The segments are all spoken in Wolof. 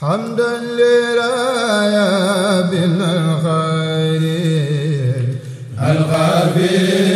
حمدا لله بن الخير الغفير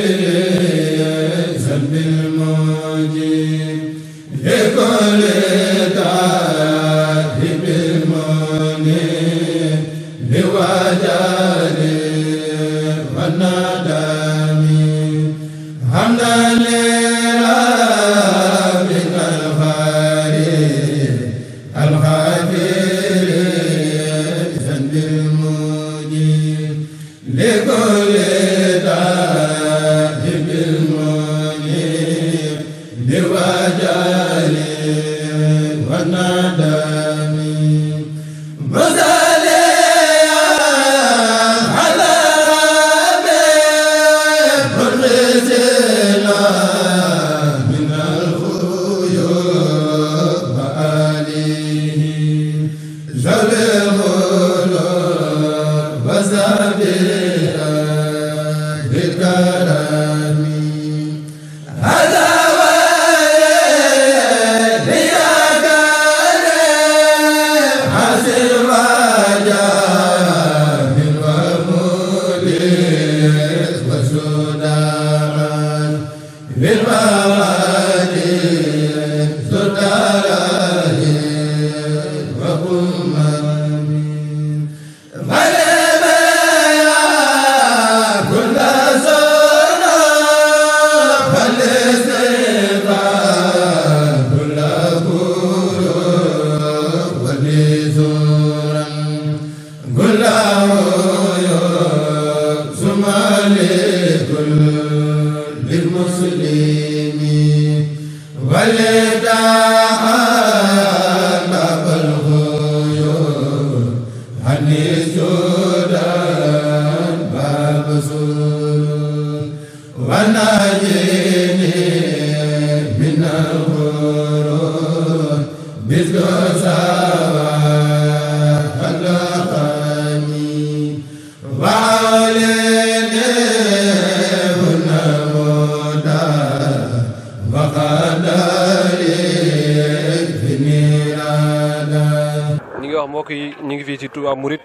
ñu ngi wax mbokk yi ñu ngi fii ci Touba murit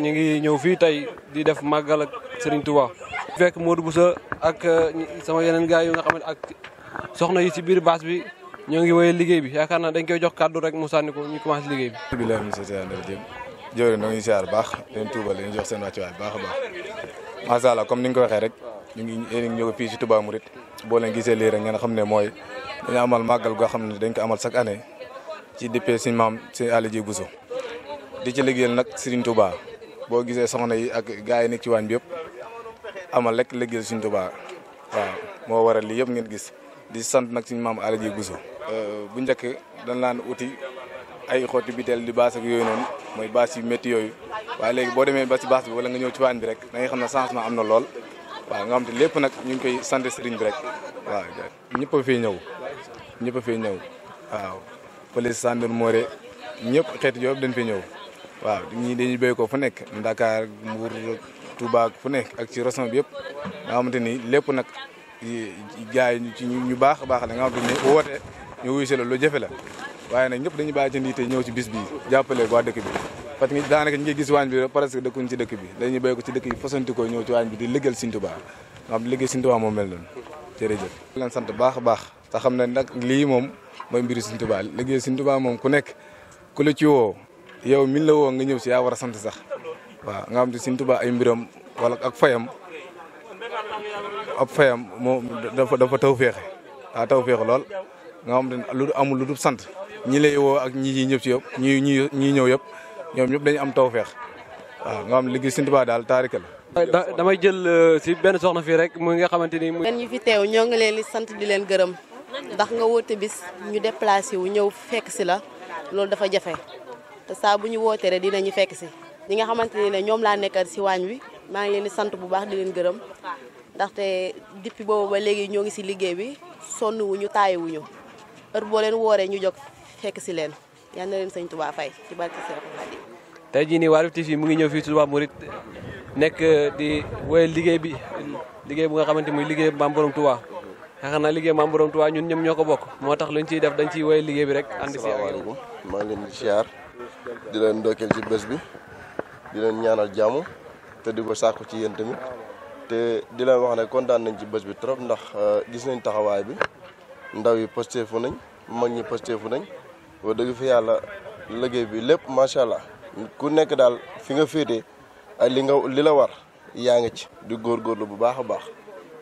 ñu ngi ñëw fii tey di def màggal ak Serigne Touba. fekk bu sa ak euh, sama yeneen gars yu nga xam ne ak soxna yi ci biir baas bi ñoo ngi woyee liggéey bi yaakaar naa dañ koy jox kàddu rek mu sànni ko ñu commencé liggéey bi. bi laay monsieur Seydou Ndeye Diop jërëjëf ñoo ngi baax leen Touba leen jox seen wàccuwaay bu baax a baax macha allah comme ni nga ko waxee rek ñu ngi ñu ngi ñëw fii ci Touba boo leen gisee lii rek ngeen xam ne mooy dañu amal màggal goo xam ne dañ ko amal sag année ci dippee suñ maam si Aly Dieye Bousso di ci liggéeyal nag Serigne Touba boo gisee soxna yi ak gars yi nekk ci waañ bi yëpp amal rek liggéeyal Serigne Touba waaw moo waral lii yëpp ngeen gis di sant nag suñ maam Aly Dieye Bousso euh, bu njëkk dañ laan uti ay xotti biteel di baas ak yooyu noonu mooy baas yu métti yooyu waaye léegi boo demee ba si baas bi wala nga ñëw ci waañ bi rek da nga xam ne am na lool waa nga xam te lépp nag ñu ngi koy sant sëriñ bi rek waaw ñëpp a fii ñëw ñëpp a fii ñëw waaw police gendarmerie ñëpp xeeti yëpp dañ fi ñëw waaw ñii dañuy béy ko fu nekk Dakar Mbour Touba nekk ak ci région bi yëpp nga xamante ni lépp nag gars yi ci ñu baax a baax la nga xamante ni woote ñu wuyu si la lu la waaye nag ñëpp dañuy bàyyi ci ndiite ñëw ci bis bi jàppale waa dëkk bi parce que daanaka ñi gis waañ bi presque dëkkuñ ci dëkk bi dañuy béy ko ci dëkk yi fasanti ko ñëw ci waañ bi di liggéeyal Sëñ Tuubaa nga xam liggéey Sëñ Tuubaa moom mel noonu jërëjëf leen sant baax a baax te xam ne nag lii moom mooy mbiru Sëñ Tuubaa liggéey Sëñ Tuubaa moom ku nekk ku la ci woo yow min la woo nga ñëw si a war a sant sax waa nga xam te Sëñ Tuubaa ay mbiram wala ak fayam ab fayam moom dafa dafa taw féexe waaw taw féexe lool nga xam te lu amul lu dul sant ñi lay woo ak ñi ñëpp ci yëpp ñi ñi ñii ñëw yëpp ñoom ñëpp dañu am tawfeex waaw nga xam liggéey Sëñ Tuubaa daal taarika la. damay jël euh, si benn soxna fii rek mu nga xamante ni. gan ñi fi teew ñoo ngi leen di sant di leen gërëm ndax nga woote bis ñu déplacé wu ñëw fekk si la loolu dafa jafe te saa bu ñu wootee rek dinañu fekk si. ñi nga xamante ni ne ñoom laa nekkal si waañ wi maa ngi leen di sant bu baax di gërëm ndaxte depuis boobu ba léegi ñoo ngi si liggéey bi sonn wuñu taayi wuñu heure boo leen wooree ñu jóg fekk si leen yal na leen sëñ Tuubaa fay ci barke Seex Xaadim tey jii nii Waarwi TV mu ngi ñëw fii Touba Mouride nekk eh, di wéyal liggéey bi liggéey bu nga xamante muy liggéey maam borom Touba xaxar naa liggéey maam borom ñun ñoom ñoo ko bokk moo tax luñ ciy def dañ ciy wéyal liggéey bi rek ànd si maa ngi leen di siyaar di leen ndokkeel ci bés bi di leen ñaanal jàmm te di ko sàkku ci yéen tamit te di leen wax ne kontaan nañ ci bés bi trop ndax eh, gis nañ taxawaay bi ndaw yi posté fu nañ mag ñi posté fu nañ wa dëgg fi yàlla liggéey bi lépp macha allah ku nekk daal fi nga féete a li nga li la war yaa ngi ci góor góorgóorlu bu baax a baax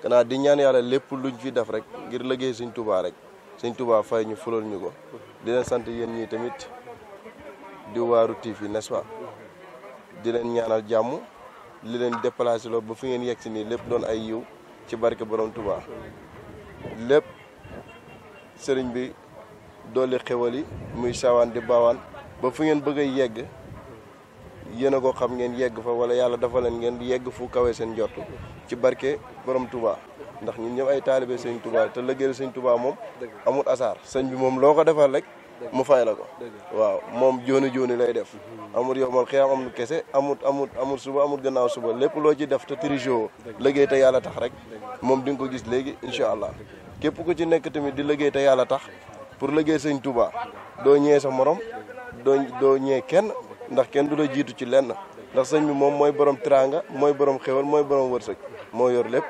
kanaa di ñaan yàlla lépp luñ fi def rek ngir liggéey sëñ Tuubaa rek sëñ Tuubaa fay ñu fulal ñu ko di leen sant yéen ñii tamit di waaru TV n'est-ce di leen ñaanal jàmm li leen déplacé loo ba fi ngeen yegg si nii lépp doon ay yiw ci barke borom Tuubaa lépp sëriñ bi doole xewal muy saawaan di baawaan ba fu ngeen bëgg a yegg yéen a ko xam ngeen yegg fa wala yàlla dafa leen ngeen yegg fu kawe seen jott ci barke borom Touba ndax ñun ñëpp ay taalibe sëñ Touba te lëggéel sëñ Touba moom amul asaar sëñ bi moom loo ko defal rek mu fay la ko waaw moom jooni jooni lay def amul yomal xiyaam amul kese amul amul amul suba amul gannaaw suba lépp loo ci def te trigo liggéey te yàlla tax rek moom di nga ko gis léegi incha allah képp ku ci nekk tamit di liggéey te yàlla tax pour liggéey sëñ Touba doo ñëwee sa morom doo doo kenn ndax kenn du la jiitu ci lenn ndax sëñ bi moom mooy borom teraanga mooy borom xéwal mooy borom wërsëg moo yor lépp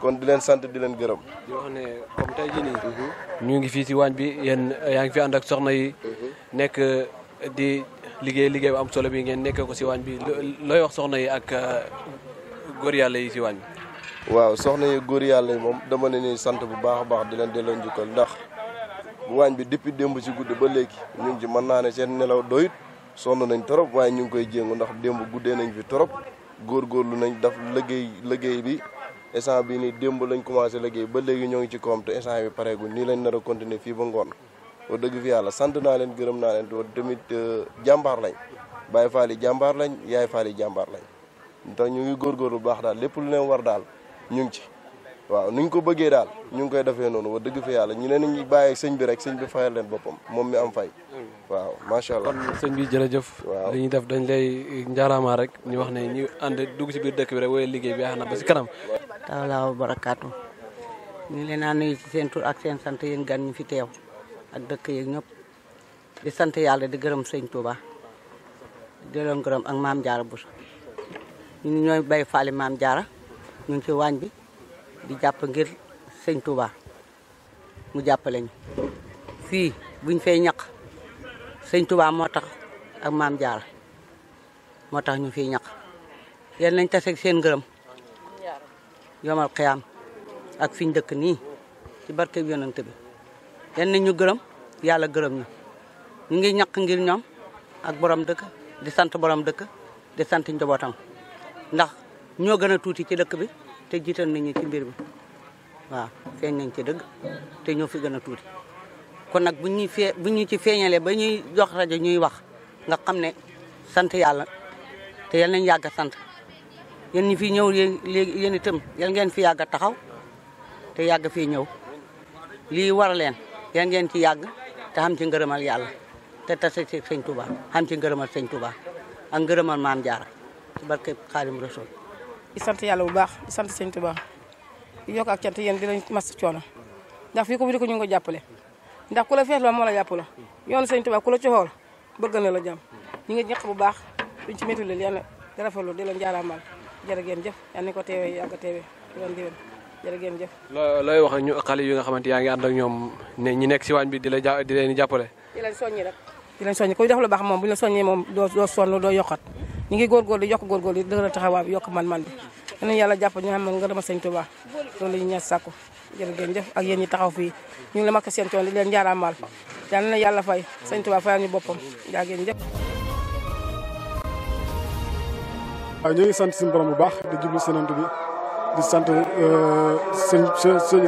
kon di leen sant di leen gërëm. di wax ne tey mhm. ñu ngi fii ci waañ bi yéen yaa ngi fi ànd ak soxna yi. Mhm. nekk di liggéey liggéey bu am solo bi ngeen nekk ko ci waañ bi looy wax soxna yi ak uh, góor yàlla yi ci waañ bi. waaw soxna yi góor yàlla yi moom dama leen sant bu baax a baax di leen delloo njukkal ndax waañ bi depuis démb ci gudd ba léegi ñu ngi ci mën naa ne seen nelaw doyut sonn nañ trop waaye ñu ngi koy jéngu ndax démb guddee nañ fi trop góorgóorlu nañ daf liggéey liggéey bi instant bi nii démb lañ commencé liggéey ba léegi ñoo ngi ci koom te instant bi pareegul nii lañ nar a fii ba ngoon wax dëgg fi yàlla sant naa leen gërëm naa leen tamit euh, jàmbaar lañ Baye Fall jàmbaar lañ Yaay Fall jàmbaar lañ tax ñu ngi bu baax daal lépp lu leen war daal ñu ngi ci waaw ñu ko bëggee daal ñu ngi koy defee noonu wax dëgg fi yàlla ñu leen ñu bàyyi sëñ bi rek sëñ bi fayal leen boppam moom mi am fay waaw macha sëñ bi jërëjëf. waaw li ñuy def dañ lay njaaraamaa rek ñu wax na ñu ànd dugg si biir dëkk bi rek wala liggéey bi yaakaar naa ba si kanam. bu barakaatu ñu ngi leen a nuyu ci seen ak seen sant yéen gan ñu fi teew ak dëkk yeeg ñëpp sant yàlla di gërëm sëñ Touba di leen ak maam Diarra Bousso ñun ñooy bay faali maam Diarra ñu ngi ci waañ bi di jàpp ngir sëñ Touba mu jàppale ñu fii buñ fay ñaq. sëñ Tuubaa moo tax ak maam Jaara moo tax ñu fiy ñaq yal nañ taseeg seen ngërëm yomal xiyaam ak fiñ dëkk nii ci barke bi yonent bi yal nañ ñu gërëm yàlla gërëm ñu ñu ngi ñaq ngir ñoom ak borom dëkk di sant borom dëkk di sant njabootam ndax ñoo gën a tuuti ci dëkk bi te jiital nañu ci mbir bi waaw feeñ nañ ci dëgg te ñoo fi gën a tuuti kon nag bu ñuy fee bu ñu ci feeñalee ba ñuy jox rajo ñuy wax nga xam ne sant yàlla te yal nañ yàgg a sant yéen ñi fi ñëw yéen léegi yéen itam yal ngeen fi yàgg a taxaw te yàgg fii ñëw lii war leen yal ngeen ci yàgg te xam ci ngërëmal yàlla te tase ci sëñ Touba xam ci ngërëmal sëñ Touba ak ngërëmal maam jaar ci barke Xaadim Rasul di sant yàlla bu baax di sant sëñ Touba di yokk ak cant yéen di lañ mas coono ndax fii ko bu di ko ñu ngi jàppale ndax ku la fees la moo la jàpp la yoonu sëñ Tuubaa ku la ci xool bëgg na la jàmm ñu ngi ñaq bu baax duñ ci métti leen yàlla rafetlu la njaaraamal jërë ngeen jëf yàlla ni ko teewee a teewee yoon diwén jërë ngeen jëf looy ñu yi nga xamante yaa ngi ànd nekk si waañ bi di la di leen jàppale di leen soññi rek di leen soññi kuy def lu baax moom bu ñu la soññee moom doo doo sonn doo yokkat ñu ngi góorgóor di yokk góorgóor di dëgëral taxawaay bi yokk man-man bi yàlla jàpp ñu xam ne nga dama sëñ Tuubaa loolu ñu jërë ngeen ak yéen ñi taxaw fii ñu ngi la makk seen coon di leen jaaraamal yal na yàlla fay sëñ Tuubaa fayal ñu boppam jaa ngeen jëf waaw ñu ngi sant suñu bu baax di jublu senant bi di sant euh, sëñ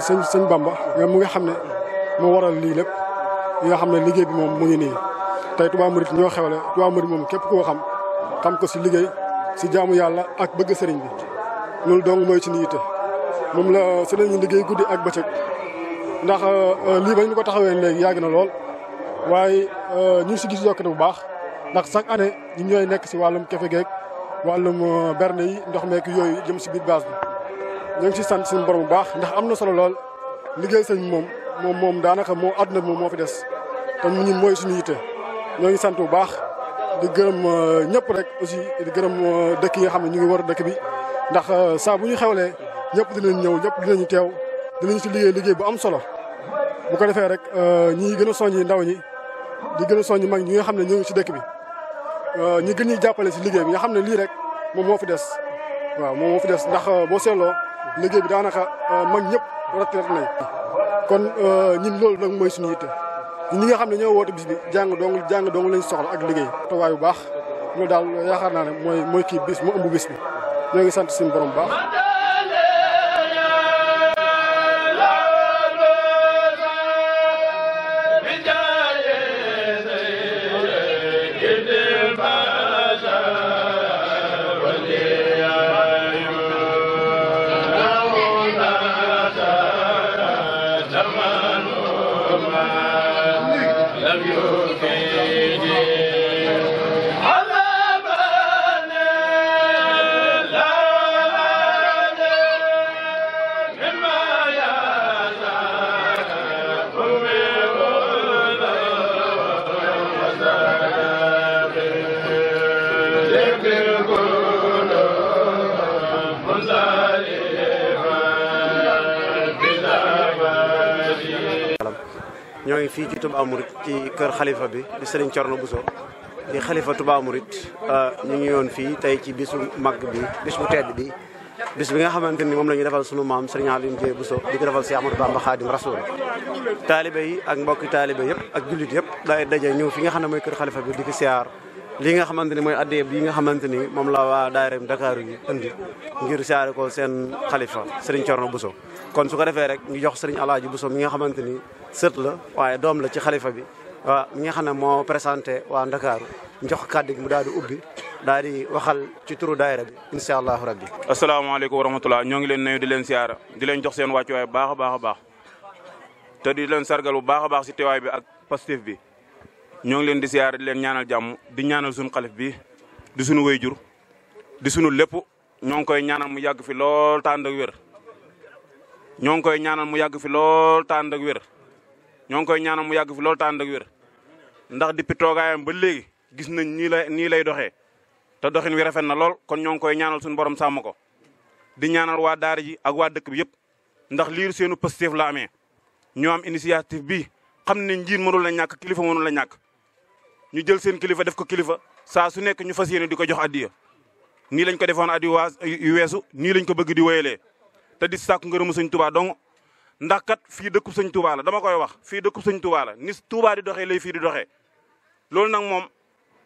sëñ sëñ Bamba mu nga xam ne moo waral lii lépp yi nga xam ne liggéey bi moom mu ngi nii tey Touba Mouride ñoo xewle Touba Mouride moom képp ku xam xam ko si liggéey si jaamu yàlla ak bëgg sëriñ bi loolu dong mooy suñu yitte moom la si la ñu liggéey guddi ak bëccëg ndax euh, euh, lii ba ñu ko taxawee léegi yàgg na lool waaye euh, ñu ngi si gis yokkute bu baax ndax chaque année ñu ñooy nekk si wàllum kefe geeg wàllum berne yi ndox meek yooyu jëm si biir base bi. ñoo ngi si sant suñu borom bu baax ndax am na solo lool liggéey sëñ moom moom moom daanaka moo àdduna bi moom moo fi des te mu ñu mooy suñu yitte ñoo ngi sant bu baax di gërëm ñëpp rek aussi di gërëm dëkk yi xam ne ñu ngi war dëkk bi ndax saa bu ñu xewlee. ñëpp dinañ ñëw ñëpp dinañ teew dinañ si liggéey liggéey bu am solo bu ko defee rek euh, ñi gën a yi ndaw ñi di gën a yi mag ñi nga xam ne ñoo ngi si dëkk bi euh, ñi gën ñuy jàppale si liggéey bi nga xam ne lii rek moom fi des waaw moom des ndax euh, boo seetloo liggéey daanaka mag ñëpp retraite nañ kon ñun loolu nag mooy suñu yitte ñi nga xam ne ñoo woote bis bi jàng dong jàng lañ soxla ak liggéey tawaay bu baax loolu daal yaakaar naa ne mooy mooy kii bis mu ëmb bis bi ñoo ngi sant suñu borom baax ngi fii ci Touba Mouride ci kër xalifa bi di Serigne Thierno Bousso di xalifa Touba Mouride euh, ñu ngi yoon fii tey ci bisu mag bi bis bu tedd bi bi nga xamante ni moom la ñu defal sunu maam Serigne Aliou Ndiaye Bousso di ko defal si Ahmadou Bamba Khadim yëpp ak jullit yëpp day daje ñëw fi nga xam ne mooy kër xalifa bi di ko siyaar li nga xamante ni mooy addee bi nga xamante ni moom la waa daayira Dakar yi indi ngir siyaare ko seen xalifa Serigne Thierno Bousso kon su ko defee rek ñu jox Serigne Alaaji Bousso mi nga xamante sët la waaye doom la ci xalifa bi waaw mi nga moo présenté waa Ndakaaru njox kàddu gi mu di ubbi daal di waxal ci turu daayira bi incha allahu rabbi. asalaamaaleykum wa rahmatulah ñoo ngi leen nuyu di leen siyaara di leen jox seen wàccuwaay bu baax a baax a baax te di leen sargal bu baax a baax si teewaay bi ak pastif bi ñoo ngi leen di siyaara di leen ñaanal jàmm di ñaanal suñu xalif bi di suñu wayjur di suñu lépp ñoo ngi koy ñaanal mu yàgg fi lool tànd ak ngi koy ñaanal mu yàgg fi lool tànd ak ñoo ngi koy ñaanal mu yàgg fi loolu tànn ak wér ndax depuis toogaayam ba léegi gis nañ nii lay nii lay doxee te doxin wi rafet na lool kon ñoo ngi koy ñaanal suñu borom sàmm ko di ñaanal waa daara ji ak waa dëkk bi yëpp ndax liir seenu positif la amee ñoo am initiative bi xam ne njiit mënul la ñàkk kilifa mënul la ñàkk ñu jël seen kilifa def ko kilifa saa su nekk ñu fas yéene di ko jox addiya nii lañ ko defoon at yu weesu nii lañ ko bëgg di wéyalee te di sàkku ngërëmu sëñ Tuubaa dong ndax kat fii dëkkub sëñ Touba la dama koy wax fii dëkkub sëñ Touba la ni Touba di doxee lay fii di doxe loolu nag moom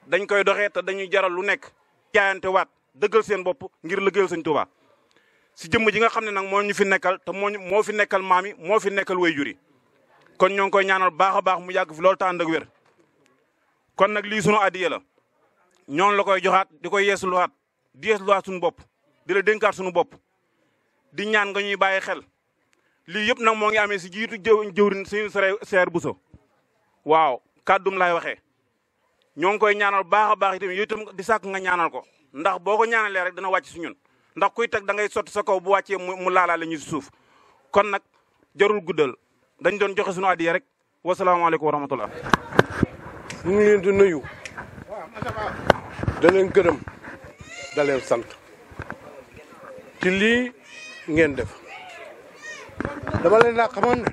dañ koy doxee te dañuy jaral lu nekk jaayante waat dëggal seen bopp ngir liggéeyal sëñ Touba si jëmm ji nga xam ne nag moo ñu fi nekkal te moo moo fi nekkal maam yi moo fi nekkal waajur yi kon ñoo ngi koy ñaanal baax a baax mu yàgg fi loolu te ànd ak wér kon nag lii sunu addiya la ñoonu la koy joxaat di koy yeesluwaat di yeesluwaat suñu bopp di la dénkaat suñu bopp di ñaan nga ñuy bàyyi xel lii yëpp nag moo ngi amee si jiitu jëw jëwrin suñu sere bu buso waaw kàddum laay waxee ñoo ngi koy ñaanal baax a baax itam yow itam di sàkk nga ñaanal ko ndax boo ko ñaanalee rek dana wàcc si ñun ndax koy teg dangay ngay sa kaw bu wàccee mu laalaale ñu si suuf kon nag jarul guddal dañ doon joxe suñu addiya rek wasalaamaaleykum wa rahmatullah ñu ngi leen di nuyu da leen gërëm da sant ci lii ngeen def dama leen naa xamoon ne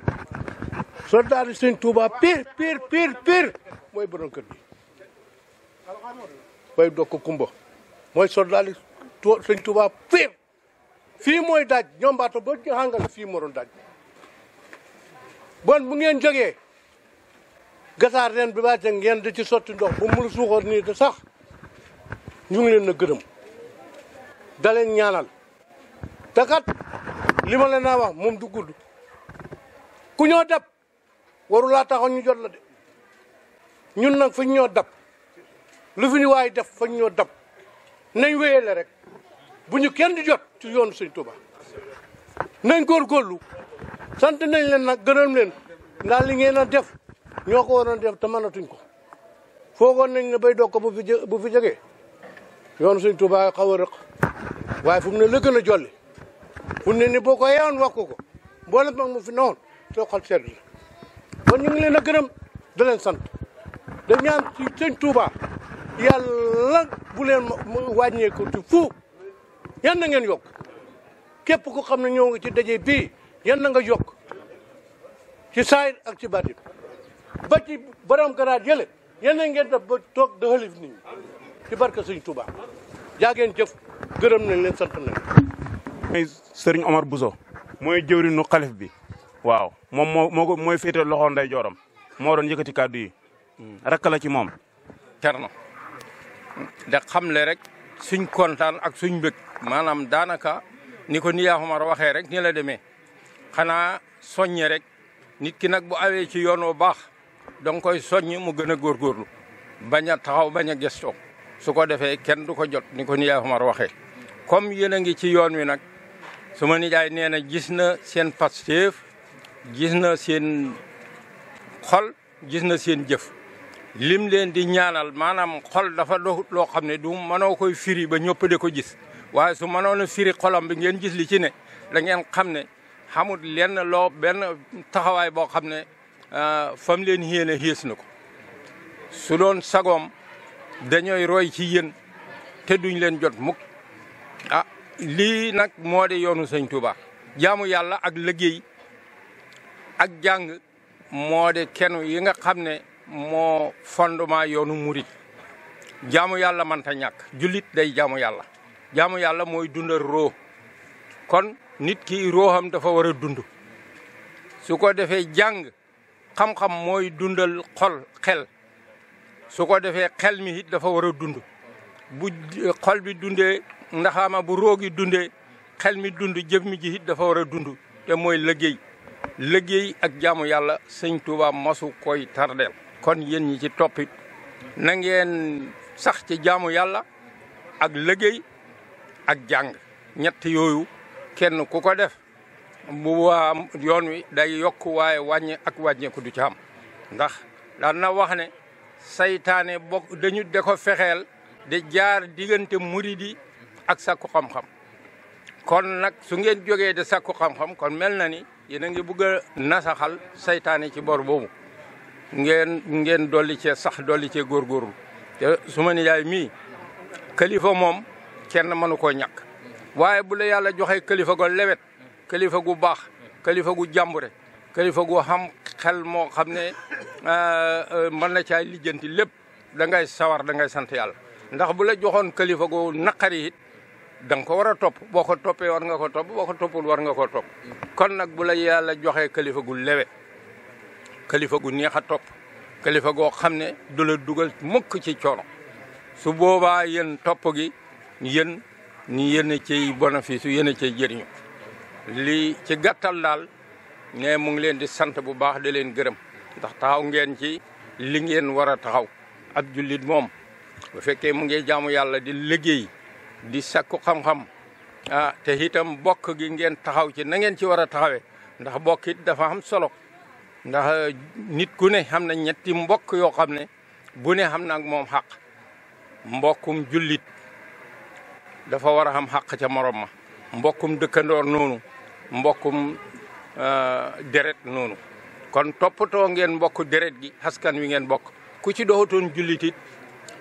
soldat yi Sëñ Tuuba pire pire pire pire mooy borom kër gi mooy dokk kumba mooy soldat yi Sëñ Tuuba pire fii mooy daaj ñombaato ba ñu xàngal fii moroon daaj bon bu ngeen jógee gasaar ren bi ba jëng ngeen di ci sotti ndox bu mu nii de sax ñu ngi leen na gërëm da ñaanal te li ma leen naa wax mun du gudd ku ñoo dab laa taxoon ñu jot la de ñun nag fañ ñoo dab lu fi ñu waay def fañ ñoo dab nañ wéyale rek bu ñu kenn di jot ci yoonu Sëñ Tuuba nañ góorgóorlu sant nañ leen nag gërëm leen ndax li ngeen a def ñoo ko waroon def te mënatuñ ko foogoon nañ ne bay doog ko bu fi bu yoonu Sëñ Tuuba xaw a rëq waaye fu mu ne la gën a jolli fu ne ni boo ko yeewoon wax ko ko mboolem mag mu fi newoon soo xol seddu la kon ñu ngi leen a gërëm da leen sant da ñaan ci sëñ Touba yàlla bu leen wàññee ko ci fu yan na ngeen yokk képp ko xam ne ñëw nga ci daje bii yan na nga yokk ci saayir ak ci baatin ba ci borom garaat yële yan na ngeen ba toog dëxalif nit ñi ci barke sëñ Touba jaa ngeen jëf gërëm nañ leen sant nañ mooy Serigne Omar Bousso mooy jëwriñu xalif bi waaw moom moo moo ko mooy féete loxo nday moo doon yëkkati kàddu yi rakk la ci moom Cerno da xam le rek suñ kontaan ak suñ mbëg maanaam daanaka ni ko Niyaa Omar waxee rek ni la demee xanaa soññe rek nit ki nag bu awee ci yoon wu baax danga koy soññ mu gën a góorlu bañ a taxaw bañ a gëstoo su ko defee kenn du ko jot ni ko Niyaa Omar waxee comme a ngi ci yoon wi nag suma nijaay nee na gis na seen Pastef gis na seen xol gis na seen jëf lim leen di ñaanal maanaam xol dafa loo xam ne du mënoo koy firi ba ñëpp de ko gis waaye su mënoon a firi xolam bi ngeen gis li ci ne da ngeen xam ne xamut lenn loo benn taxawaay boo xam ne euh, fam leen yéene yées na ko su doon sagoom dañooy roy ci yéen te duñ leen jot muk ah lii nag moo de yoonu sëñ Touba jaamu yàlla ak liggéey ak jàng moo de kenn yi nga xam ne moo fondement yoonu murit jaamu yàlla manta ñàkk jullit day jaamu yàlla jaamu yàlla mooy dundal roo kon nit ki rooxam dafa war a dund su ko defee jàng xam-xam mooy dundal xol xel su ko defee xel mi it dafa war a dund bu xol bi dundee ndaxama bu roog yi dundee xel mi dund jëf mi ji dafa war a dund te mooy liggéey liggéey ak jaamu yàlla sëñ Touba masu koy tardeel kon yéen ñi ci toppit na ngeen sax ci jaamu yàlla ak liggéey ak jàng ñett yooyu kenn ku ko def bu waa yoon wi day yokk waaye wàññi ak wàññeeku du ci am ndax daan na wax ne seytaane bokk dañu de ko fexeel di jaar diggante muridi ak sakku xam-xam kon nag su ngeen jógee de sakku xam-xam kon mel na ni yéen a ngi bëgg a nasaxal saytaane ci bor boobu ngeen ngeen dolli cee sax dolli cee góorgóorlu te su ma nijaay mii kalifa moom kenn mënu koo ñàkk waaye bu la yàlla joxee kalifa go lewet kalifa gu baax kalifa gu jàmbure kalifa gu xam xel moo xam ne euh, euh, mën na caay lijjanti lépp dangay sawar da ngay sant yàlla ndax bu la joxoon kalifa gu naqari da nga war a topp boo ko toppee war nga ko topp boo ko toppul war nga ko topp kon nag bu la yàlla joxee kalifa gu lewe kalifa gu neex a topp kalifa goo xam ne du la dugal mukk ci coono su boobaa yéen topp gi yéen ñi yéen ci bénéfice su yéen a ciy jëriñu lii ci gàttal daal ne mu ngi leen di sant bu baax di leen gërëm ndax taxaw ngeen ci li ngeen war a taxaw ab julit moom bu fekkee mu ngi jaamu yàlla di liggéey di sakku xam-xam ah te itam bokk gi ngeen taxaw ci na ngeen ci war a taxawee ndax bokk dafa am solo ndax eh, nit ku ne xam na ñetti mbokk yoo xam ne bu ne xam na moom xaq mbokkum jullit dafa war a xam xaq ca morom ma mbokkum dëkkandoor noonu mbokkum eh, deret noonu kon toppatoo ngeen mbokku deret gi askan wi ngeen bokk ku ci doxatoon jullit it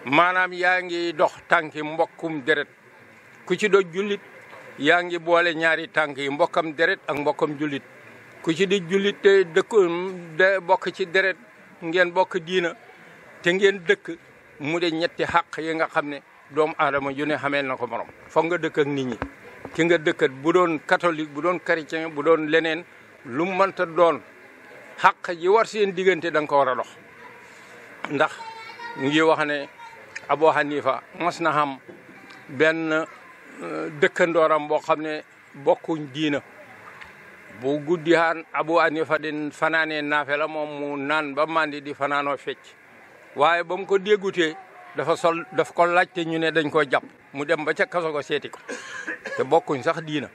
maanaam yaa ngi dox tànki mbokkum deret ku ci doon jullit yaa ngi boole ñaari tànk yi mbokkam deret ak mbokkam julit ku ci di julit te dëkk de bokk ci deret ngeen bokk diina te ngeen dëkk mu de ñetti xàq yi nga xam ne doomu adama ju ne xamee na ko morom foog nga dëkk ak nit ñi ki nga dëkkat bu doon katolik bu doon chrétien bu doon leneen lum mu mënta doon xàq ji war seen diggante da nga ko war a dox ndax ngi wax ne Abu Hanifa mos na xam benn dëkkandooram boo xam ne bokkuñ diina bu guddi haan abu anifa din fanaanee naafe la moom mu naan ba mandi di fanaanoo fecc waaye ba mu ko déggutee dafa sol daf ko laajte ñu ne dañ ko jàpp mu dem ba ca kaso seeti ko te bokkuñ sax diina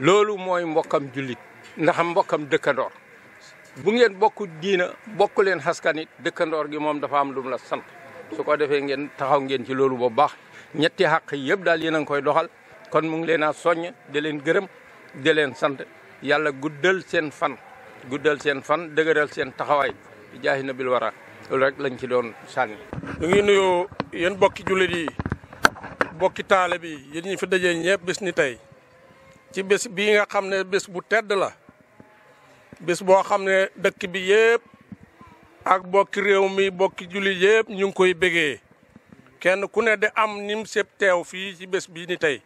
loolu mooy mbokkam jullit ndaxam mbokkam dëkkandoor bu ngeen bokku diina bokk leen xaskanit dëkkandoor gi moom dafa am lu mu la sant su ko defee ngeen taxaw ngeen ci loolu bu baax ñetti xàq yëpp daal yéen a koy doxal kon mu ngi leen a soññ di leen gërëm di leen sant yàlla guddal seen fan guddal seen fan dëgëral seen taxawaay jaahi nabil wara loolu rek lañ ci doon sànni. ñu ngi nuyu yéen bokki jullit yi bokki taale bi yéen ñi fi dajee ñëpp bés ni tey ci bés bi nga xam ne bés bu tedd la bés boo xam ne dëkk bi yëpp ak bokki réew mi bokki jullit yëpp ñu ngi koy bégee. kenn ku ne de am nim sëb teew fii ci bés bi ni tey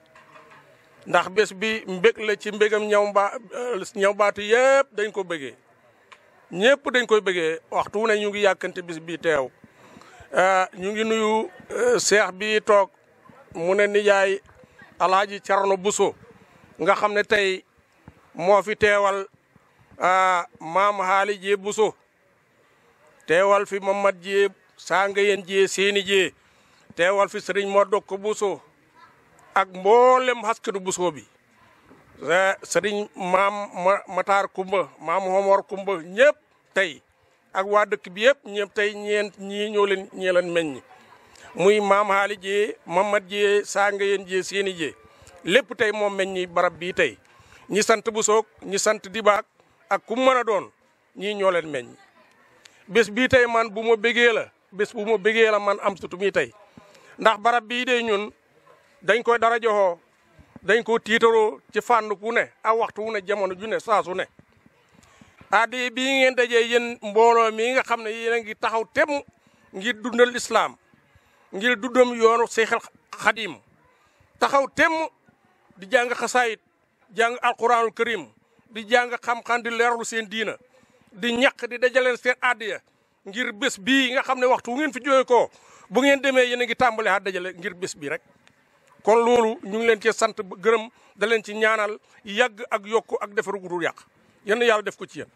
ndax bés bi mbég la ci mbégam ñaw mbaa eh, ñaw baatu dañ ko bëgge ñëpp dañ ko bëgge waxtu ne ñu ngi yàkkante bis bi teew eh, ñu ngi nuyu eh, seex bi toog mu ne nijaay alaaji Carno Buso nga xam ne tey moo fi teewal maam haali jee Buso teewal fi Mamad jee Sanga yeen jee Seeni jee wal fi sëriñ Mor Dokk Bousso ak mboolem xaskanu Bousso bi sëriñ maam Matar Kumba maam Homor Kumba ñëpp tey ak waa dëkk bi yëpp ñëpp tey ñeent ñii ñoo leen ñee meññ muy maam Haali Jee Mamad Jee Sanga Yeen Jee Seeni Jee lépp tey moom meññi barab bii tey ñi sant Bousso ñi sant di Dibaak ak ku mën a doon ñii ñoo leen meññ bés bii tey man bu ma bégee la bés bu ma bégee la man am sutu tey ndax barab bii de ñun dañ ko dara joxoo dañ ko tiitaroo ci fànn wu ne ak waxtu wu ne jamono ju ne saa ne. addi bii ngeen daje yéen mbooloo mii nga xam ne yéen a ngi taxaw tem ngir dundal islaam ngir dundam yoonu seexal xadiim taxaw tem di jàng xasaayit jàng alquranul karim di jàng xam-xam di leerlu seen diina di ñàq di dajaleen seen addiya ngir bés bii nga xam ne waxtu wu ngeen fi jógee ko bu ngeen demee yéen a ngi tàmbali a dajale ngir bés bi rek kon loolu ñu ngi leen cee sant ba gërëm da leen ci ñaanal yàgg ak yokku ak defaru gudul yàq yéen yàlla def ko ci yéen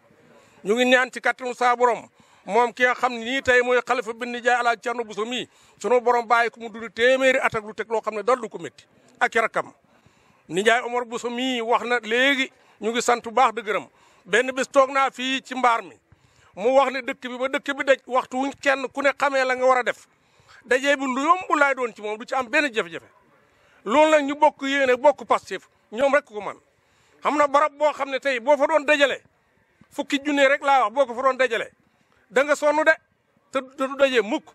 ñu ngi ñaan ci kattanu saa moom ki nga xam nii tey mooy xalifa bi nijaay Alaaji Cerno Buso mii sunu borom bàyyi ko mu dund téeméeri at ak lu teg loo xam ne dal ko métti ak rakam nijaay Omar Buso mi wax na léegi ñu ngi sant bu baax di gërëm benn bés naa fii ci mbaar mi mu wax ne dëkk bi ba dëkk bi daj waxtu wuñ kenn ku ne xamee la nga war a def daje bi lu yomb laay doon ci moom du ci am benn jafe-jafe loolu nag ñu bokk yéene bokk Pastef ñoom rekk ko man xam na barab boo xam ne tey boo fa doon dajale fukki junne rek laa wax boo ko fa doon dajale da nga sonn de te du dajee mukk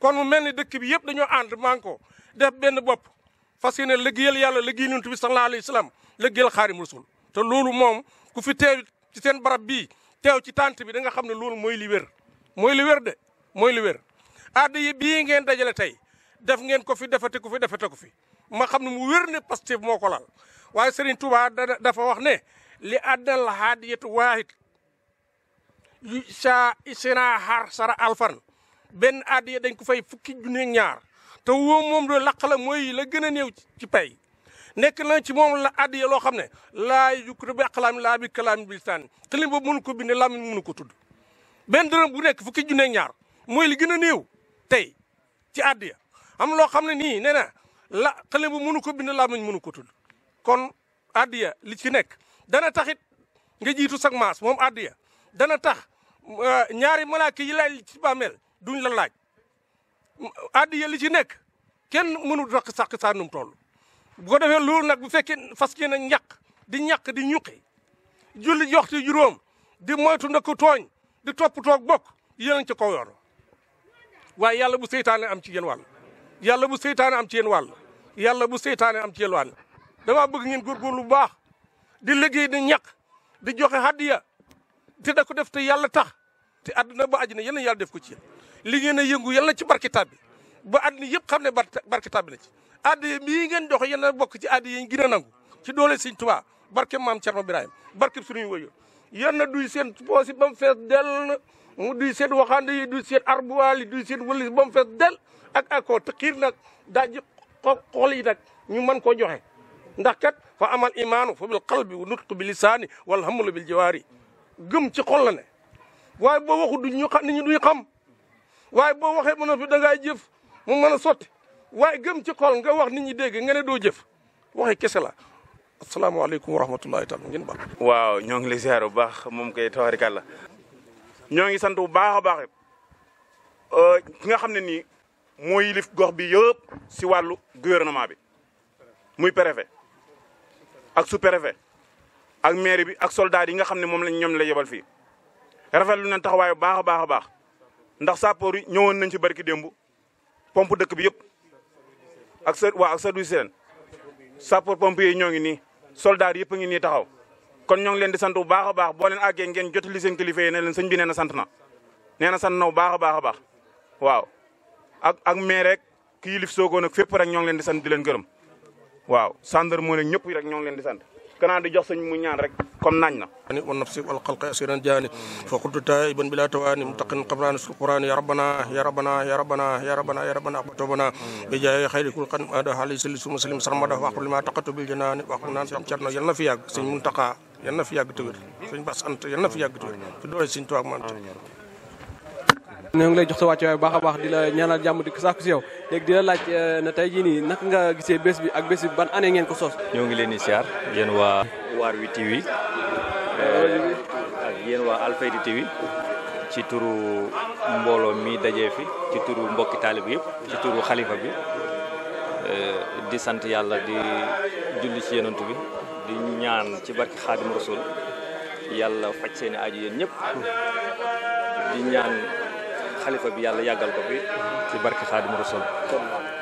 kon mu mel ni dëkk bi yëpp dañoo ànd manko def benn bopp fas yéene liggéeyal yàlla liggéeyal Yonent bi salaam alayhi xaari sallam liggéeyal te loolu moom ku fi teew ci seen barab bii teew ci tànt bi da nga xam ne loolu mooy li mooy li wér mooy li aada yi bii ngeen dajale tey def ngeen ko fi defate ko fi defate ko fi ma xam ne mu wér ne Pastef moo ko lal waaye Serigne Touba dafa wax ne li addal haadiyatu waahid sa sina xaar sara alfan benn addiya dañ ko fay fukki junne ñaar te woo moom la laq la mooy la gën a néew ci pay nekk na ci moom la addiya loo xam ne laa yukkatu bi aqlaami laa bi kalaami bilistaan xilin boobu mënu ko binde laamin mënu ko tudd benn dërëm bu nekk fukki junne ñaar mooy li gën a néew tey ci àddiya am loo xam ne nii nee na la xale bu mënu ko bind làmmiñ mënu ko tudd kon àddiya li ci nekk dana taxit nga jiitu sag maas moom àddiya dana tax euh, ñaari malaaka yi laaj li ci bàmmeel duñ la laaj àddiya li ci nekk kenn mënu dox sàq saanum toll bu ko defee loolu nag bu fekkee fas na ñàq di ñàq di ñuqi julli joxti juróom di moytu ndako tooñ di topp toog bokk yéen a ngi ci kaw waaye yàlla bu seytaane am ci yéen wàll yàlla bu seytaane am ci yéen wàll yàlla bu seytaane am ci yéen wàll damaa bëgg ngeen góorgóorlu lu baax di liggéey di ñàkk di joxe hadiya te da ko def te yàlla tax te àdduna ba àjjana yéen yàlla def ko ci yéen li ngeen a yëngu yàlla ci barkitaab bi ba àdduna yëpp xam ne barkitaab bi na ci addiya mii ngeen joxe yéen bokk ci addiya yi gën a nangu ci doole Sëñ Tuubaa barke maam Cerno Birahim barke suñuy wayo yéen a seen poosi ba mu fees dell mu duy seen waxande yi duy seen arbuwaal yi duy seen wëlis ba mu fees del ak accord te xiir nag daa ji xool yi nag ñu mën koo joxe ndax kat fa amal imaanu fa bil qalbi wa nutqu bi lisaani wal hamlu bil jawaari gëm ci xol la ne waaye boo waxu duñ ñu xam nit ñi duñ xam waaye boo waxee mën a da ngay jëf mu mën a sotti waaye gëm ci xol nga wax nit ñi dégg nga ne doo jëf waxe kese la asalaamaaleykum wa rahmatullahi taala ngeen baax waaw ñoo ngi lay ziar bu baax moom kay tawarikàlla ñoo ngi sant bu baax a baax euh, ki nga xam ne nii moo yilif gox bi yëpp si wàllu gouvernement bi muy préfet ak sous ak maire bi ak soldat yi nga xam ne moom lañ ñoom la yebal fii rafetlu nañ taxawaay bu baax a baax a baax ndax sappoor yi ñëwoon nañ ci barki démb pomp dëkk bi yëpp ak sa waa ak sa du seen sappoor yi ñoo ngi nii soldat yëpp a ngi nii taxaw kon ñoo ngi leen di sant bu baax a baax boo leen àggee ngeen jotali seen kilifa yi ne leen sëñ bi nee na sant na nee na sant na bu baax a baax a baax waaw ak ak maire rek kii yilif soogoon ak fépp rek ñoo ngi leen di sant di leen gërëm waaw sandar moo leen ñëpp rek ñoo ngi leen di sant kanaa di jox sëñ ñaan rek comme nañ na wa nafsi wal a asiran jaani fa qultu taiban bila tawani mutaqin qabrani sul qurani ya rabbana ya rabbana ya rabbana ya rabbana ya rabbana aqbatubana bi jaay xayri kul qan fi yàgg sëñ yan na fi yàgg tëwër sëñ Bass Anta yan na fi yàgg tëwër ci doole sëñ Tuubaa man ñoo ngi lay jox sa wàcc waaye baax a baax di la ñaanal jàmm di ko sàkku si yow léegi di la laaj eh, na tey jii nii naka nga gisee bés bi ak bés bi ban année ngeen ko sos ñoo ngi leen di siyaar yéen waa waar wi TV eh, ak yéen waa Alfayda TV ci turu mbooloo mii dajee fi ci turu mbokki taalib yëpp ci turu xalifa bi eh, di sant yàlla di julli ci yonent bi di ñaan ci barki xaadim rasul yàlla faj seeni aaju yéen ñëpp di ñaan xalifa bi yàlla yàggal ko fi ci barki xaadim rasul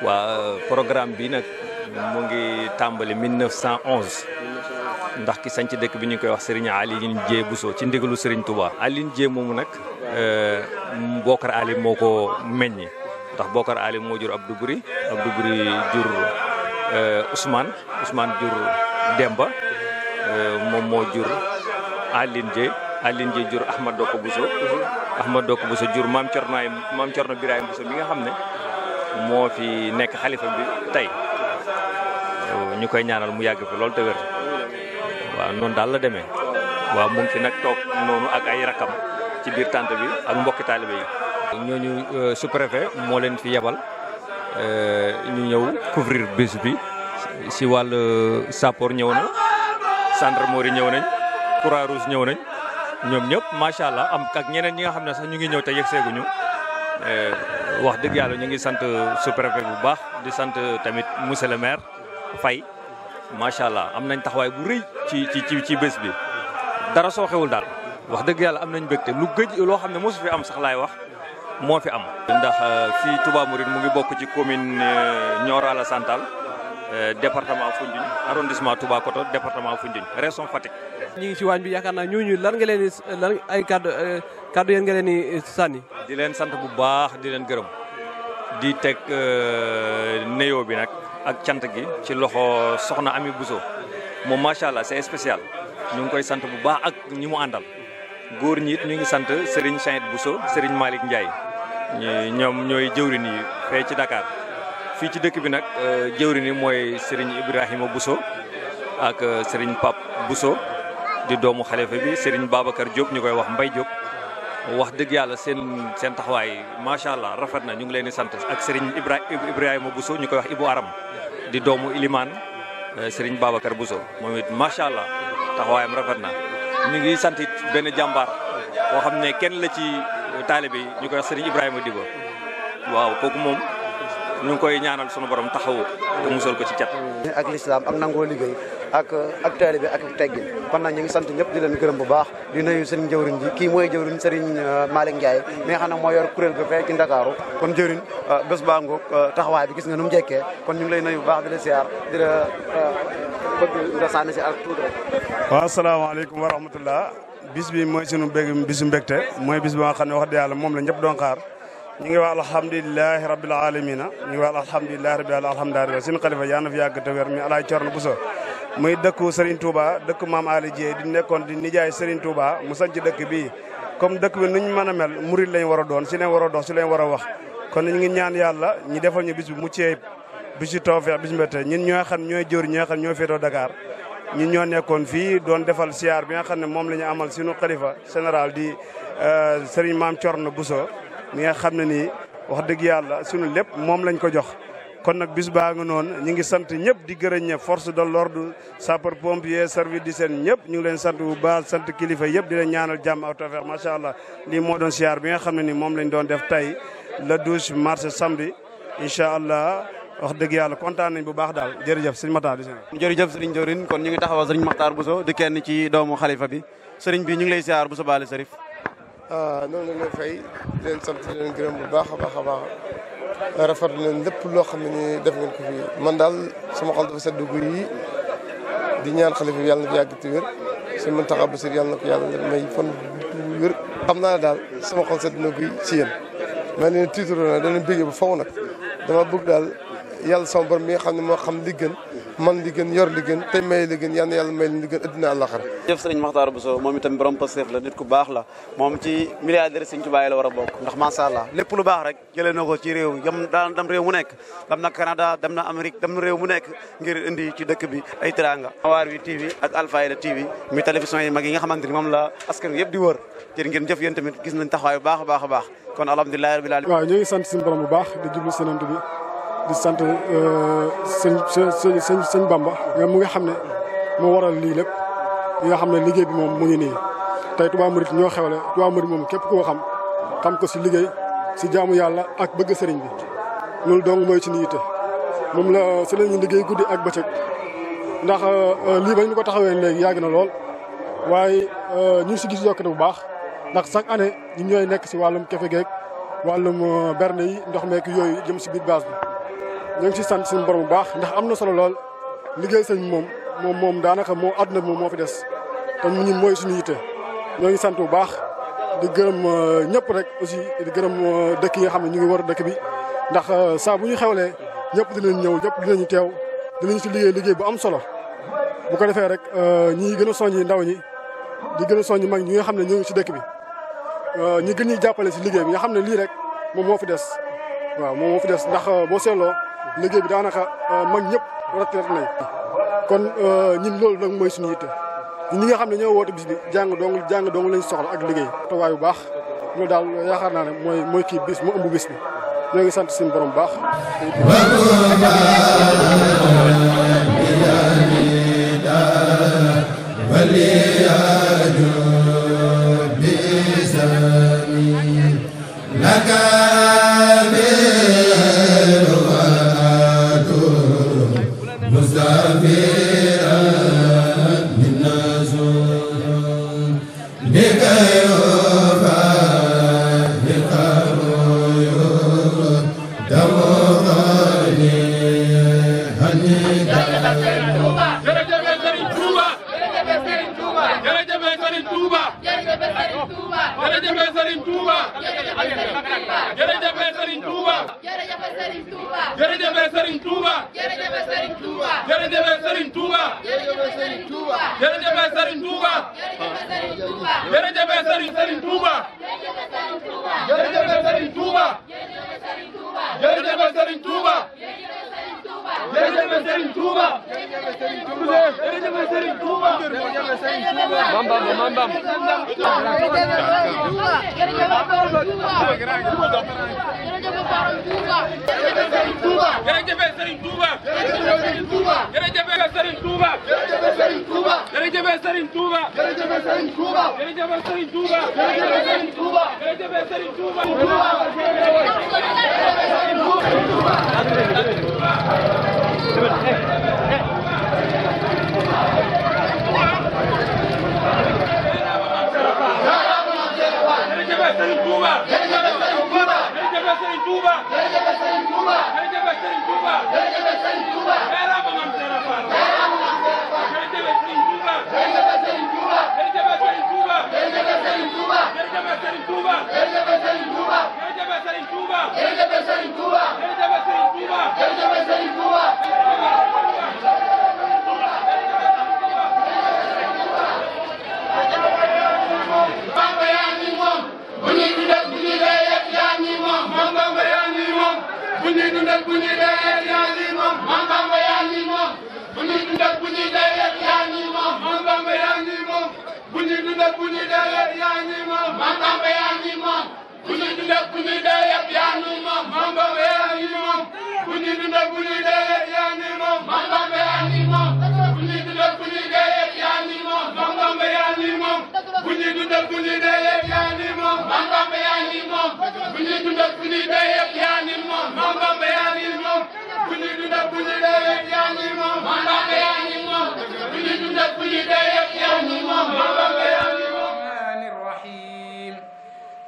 waa programme bi nag mu ngi tàmbali 1911 ndax ki sanc dëkk bi ñu koy wax Serigne Alioune Dieng Bousso ci ndigalu Serigne ali Alioune Dieng moomu nag euh, Bokar Ali moo ko meññ ndax Bokar Ali moo jur Abdou Buri Abdou Buri jur euh, usmaan Ousmane jur Demba euh, moom moo jur Aline Dieye Aline jur Ahmad Doko Bousso Ahmad Doko Bousso jur maam Corno ay maam Corno Birahim Bousso mi nga xam ne moo fi nekk xalifa bi tey euh, ñu koy ñaanal mu yàgg fi loolu te wér waaw noonu daal la demee waaw mu fi nag toog noonu ak ay rakam ci biir tànt bi ak mbokki taalibe yi ñooñu euh, sous moo leen fi yebal ñu ñëw couvrir bés bi si wàll sapoor ñëw na gendarmerie ñëw nañ croix rouge ñëw nañ ñoom ñëpp macha allah am ak ñeneen ñi nga xam ne sax ñu ngi ñëw te yegseeguñu eh, wax dëgg yàlla ñu ngi sant sous bu baax di sant tamit monsieur le maire fay macha allah am nañ taxawaay bu rëy ci ci ci bés bi dara soo xewul daal wax dëgg yàlla am nañ bégte lu gëj loo xam ne mosu fi am sax laay wax moo fi am. ndax eh, fii Touba Mouride mu ngi bokk ci commune eh, Nioro Alassane santal Euh, département Foundiougne arrondissement Toubacouta département Foundiougne région Fatick. ñi ngi ci waañ bi yaakaar naa ñooñu lan nga leen lan ay kaddu euh, kàddu yéen nga leen di euh, sànni. di leen sant bu baax di leen gërëm di teg nuyoo bi nag ak cant gi ci loxo soxna Ami Bousso moom macha allah c'est spécial ñu ngi koy sant bu baax ak ñi mu àndal. góor ñi ñu ngi sant Serigne Chanet Bousso Serigne Malick Ndiaye ñoom ñooy jëwriñ yi fee ci Dakar. fii ci dëkk bi nag euh, jëwri ni mooy Serigne Ibrahima Bousso ak euh, Serigne Pape buso di doomu xalifa bi Serigne Babacar Diop ñu koy wax Mbay Diop. wax dëgg yàlla seen seen taxawaay macha allah rafet na ñu ngi leen di sant ak Serigne Ibrahima Bousso ñu koy wax Ibou Aram di doomu Ilimaan euh, Serigne Babacar Bousso moom it macha allah taxawaayam rafet na ñu ngi sant benn jàmbaar boo xam ne kenn la ci taalibe yi ñu koy wax Serigne Ibrahima Diba waaw kooku moom. ñu ngi koy ñaanal sunu borom taxawu te musal ko ci cat. ak lislaam ak nangoo liggéey ak ak taalibe ak teggin kon nag ñu sant ñëpp di leen gërëm bu baax di nuyu sëriñ jëwriñ ji kii mooy jëwriñ sëriñ euh, Malick Ndiaye mi nga yor kuréel gu fee ci Ndakaaru kon jëwriñ euh, bés baa ngoog euh, taxawaay bi gis nga nu mu jekkee kon ñu ngi lay nuyu bu baax di la siyaar di la si ak tuuti rek. waaw asalaamaaleykum wa rahmatullah bis bi mooy sunu bég bisu mbégte mooy bis bi nga ne wax dëgg moom la ñëpp doon ñu ngi wax alhamdulilahi rabil alamina ñu ngi wax alhamdulilahi rabil alamina alhamdulilahi seen xalifa yaa na fi yàgg te wér mi alaaj Cerno Buso muy dëkk Serigne Touba dëkk maam Ali Dieye di nekkoon di nijaay sëriñ Touba mu sanc dëkk bii comme dëkk bi nuñ mën a mel murit lañ war a doon si lañ war a dox si lañ war a wax kon ñu ngi ñaan yàlla ñu defal ñu bis bi muccee bi si tawfeex bis mbéte ñun ñoo xam ñooy jóor ñoo xam ñooy féetoo Dakar ñi ñoo nekkoon fii doon defal siyaar bi nga xam ne moom la ñu amal sunu xalifa général di euh, Serigne maam Cerno Buso mi nga xam na ni wax dëgg yàlla sunu lépp moom lañ ko jox. kon nag bis baa nga noon ñu ngi sant ñëpp di gërëm ñëpp force de l'ordre sapeur servi di seen ñëpp ñu ngi leen sant bu baax sant kilifa yëpp di leen ñaanal jàmm ak tawfeex macha allah lii moo doon siyaar bi nga xam ne ni moom lañ doon def tey le 12 mars samedi incha allah wax dëgg yàlla kontaan nañ bu baax daal jërëjëf sëñ Matar di jërëjëf sëriñ Diorin kon ñu ngi taxawa sëriñ Matar Bousso di kenn ci doomu xalifa bi sëriñ bi ñu ngi lay siyaar bu sa baale sërif Ah, noonu la leen fay di leen sant di gërëm bu baax a baax a baax rafetlu leen lépp loo xam ne ni def ngeen ko fii man daal sama xol dafa sedd guy di ñaan xalifa bi yàlla na fi yàgg te wér suñu Muntaxa Basiir yàlla na ko yàlla may fan xam naa daal sama xol sedd na guy ci yéen maa leen tiitaroo na da leen bu faw nag dama bëgg daal yàlla sama borom mi nga xam ne moo xam li gën man li gën yor li gën te may li gën yàlla may li gën addina àllaxar jëf sëriñ Makhtar Bousso moom itam borom pastéef la nit ku baax la moom ci milliardaire sëriñ Tuubaa la war a bokk ndax macha allah lépp lu baax rek jëlee na ko ci réew yam daan dem mu nekk dem na Canada dem na Amérique mu nekk ngir indi ci dëkk bi ay teraanga waar wi TV ak Alfayda TV mi télévision yi mag yi nga xamante ni moom la askan yëpp di wër jërë ngeen jëf yéen tamit gis nañ taxawaay bu baax a baax a baax di sant euh, sëñ sëñ sëñ Bamba nga mu nga xam ne moo waral lii lépp li xam ne liggéey bi moom mu ngi nii tey Touba Mouride ñoo xewle Touba Mouride moom képp koo xam xam ko si liggéey si jaamu yàlla ak bëgg sëriñ bi loolu dong mooy ci ni yitte moom la si la ñuy liggéey guddi ak bëccëg ndax euh, euh, lii ba ñu ko taxawee léegi yàgg na lool waaye ñu ngi si gis yokkute bu baax ndax chaque année ñu ñooy nekk si wàllum kefe geeg wàllum berne yi ndox meek yooyu jëm si biir baas bi ñu ngi ci sant suñ borom bu baax ndax am na solo lool liggéey sëñ moom moom moom daanaka moo àdduna bi moom moo fi des te ñun mooy suñu yitte ñoo ngi sant bu baax di gërëm euh, ñëpp rek aussi di gërëm euh, dëkk yi xam ne ñu ngi war dëkk bi ndax euh, saa bu ñu xewlee ñëpp dinañ ñëw ñëpp dinañu teew dinañu ci liggéey liggéey bu am solo bu ko defee rek ñi gën a soññi ndaw ñi di gën a soññi mag ñi nga xam ne ñoo ngi ci dëkk bi ñi gën ñuy jàppale si liggéey bi nga xam ne lii rek moom moo fi des waaw moom moo fi des ndax boo seetloo liggéey bi daanaka euh, mag ñëpp retraité nañ kon euh, ñun loolu nag mooy suñu yitte ñi nga xam ne ñoo woote bis bi jàng dong jàng soxla ak liggéey tawaay bu baax loolu daal yaakaar naa ne mooy mooy kii bis mu ëmb bis bi ñoo sant suñu borom bu baax laka Serigne Touba. jërëjëf Serigne Touba. jërëjëf jërëjëf Serigne Touba jërëjëf Serigne Touba jërëjëf Serigne Touba jërëjëf Serigne Touba Mam Bam Mam Bam jërëjëf Serigne Touba jërëjëf Serigne Touba jërëjëf Serigne Touba jërëjëf Serigne Touba jërëjëf Serigne Touba jërëjëf Serigne Touba jërëjëf Serigne Touba jërëjëf Serigne Touba Cuba! dundal bu ñuy dee yaa ngi moom man Bamba yaa ngi moom bu ñuy dundal bu ñuy dee yaa ngi moom man Bamba yaa ngi moom bu ñuy dundal bu ñuy dee yaa ngi moom man Bamba yaa ngi moom bu ñuy dundal bu ñuy dee yaa ngi moom man Bamba yaa ngi moom bu ñuy dundal bu ñuy dee yaa ngi moom man Bamba yaa ngi moom dundal bu ñuy dee yëpp yaa ni moom. Maam Bamba yaa ni moom. bu ñuy dundal bu ñuy dee yëpp yaa ni moom. Maam Bamba yaa ni moom. bu ñuy dundal bu ñuy dee yëpp yaa ni moom. Maam Bamba yaa ni moom. bu ñuy dundal bu ñuy dee yëpp yaa ni moom. Maam Bamba yaa ni moom.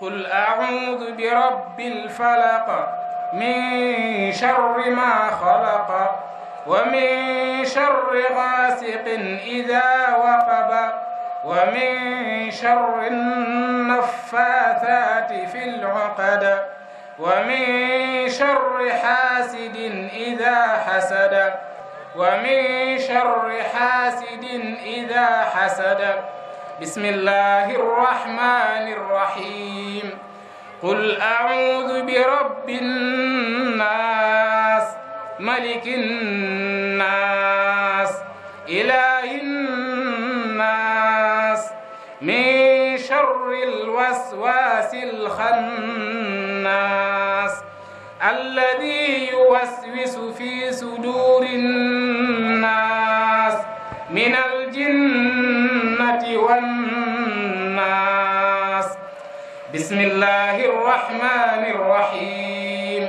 قل أعوذ برب الفلق من شر ما خلق ومن شر غاسق إذا وقب ومن شر النفاثات في العقد ومن شر حاسد إذا حسد ومن شر حاسد إذا حسد بسم الله الرحمن الرحيم قل أعوذ برب الناس ملك الناس إله الوسواس الخناس الذي يوسوس في صدور الناس من الجنة والناس بسم الله الرحمن الرحيم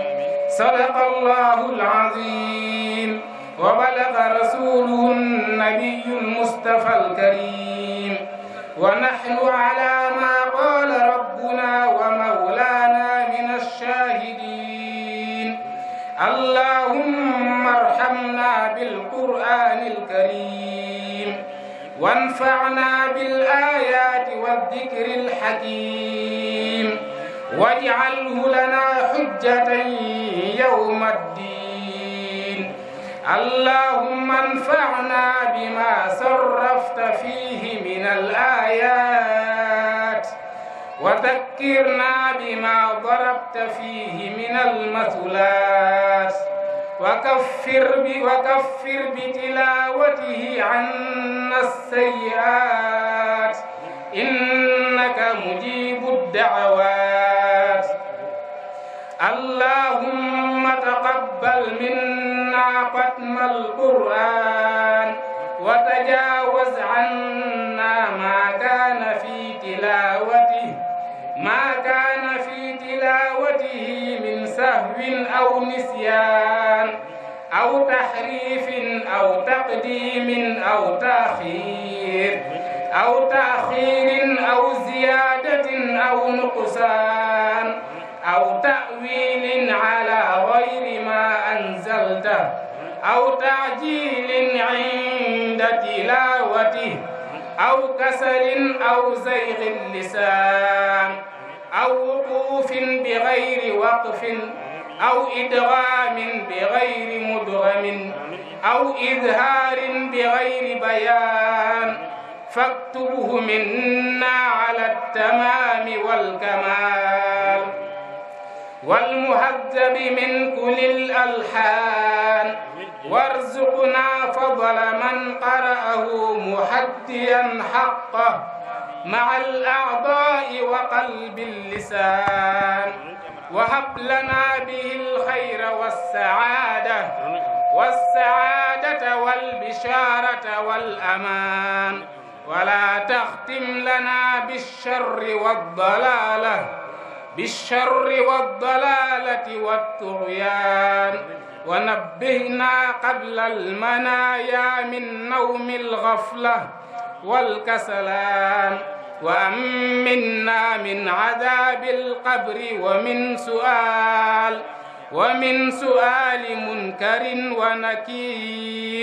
صدق الله العظيم وبلغ رسوله النبي المصطفى الكريم ونحن على ما قال ربنا ومولانا من الشاهدين اللهم ارحمنا بالقرآن الكريم وانفعنا بالآيات والذكر الحكيم واجعله لنا حجة يوم الدين اللهم انفعنا بما صرفت فيه من الآيات وذكرنا بما ضربت فيه من المثلات وكفر وكفر بتلاوته عنا السيئات إنك مجيب الدعوات اللهم اللهم تقبل منا ختم القرآن وتجاوز عنا ما كان في تلاوته ما كان في تلاوته من سهو أو نسيان أو تحريف أو تقديم أو تأخير أو تأخير أو زيادة أو نقصان أو تأويل على غير ما أنزلته أو تعجيل عند تلاوته أو كسل أو زيغ اللسان أو وقوف بغير وقف أو إدغام بغير مدغم أو إظهار بغير بيان فاكتبه منا على التمام والكمال والمهذب من كل الألحان وارزقنا فضل من قرأه محديا حقه مع الأعضاء وقلب اللسان وهب لنا به الخير والسعادة والسعادة والبشارة والأمان ولا تختم لنا بالشر والضلالة بالشر والضلالة والطغيان ونبهنا قبل المنايا من نوم الغفلة والكسلان وأمنا من عذاب القبر ومن سؤال ومن سؤال منكر ونكير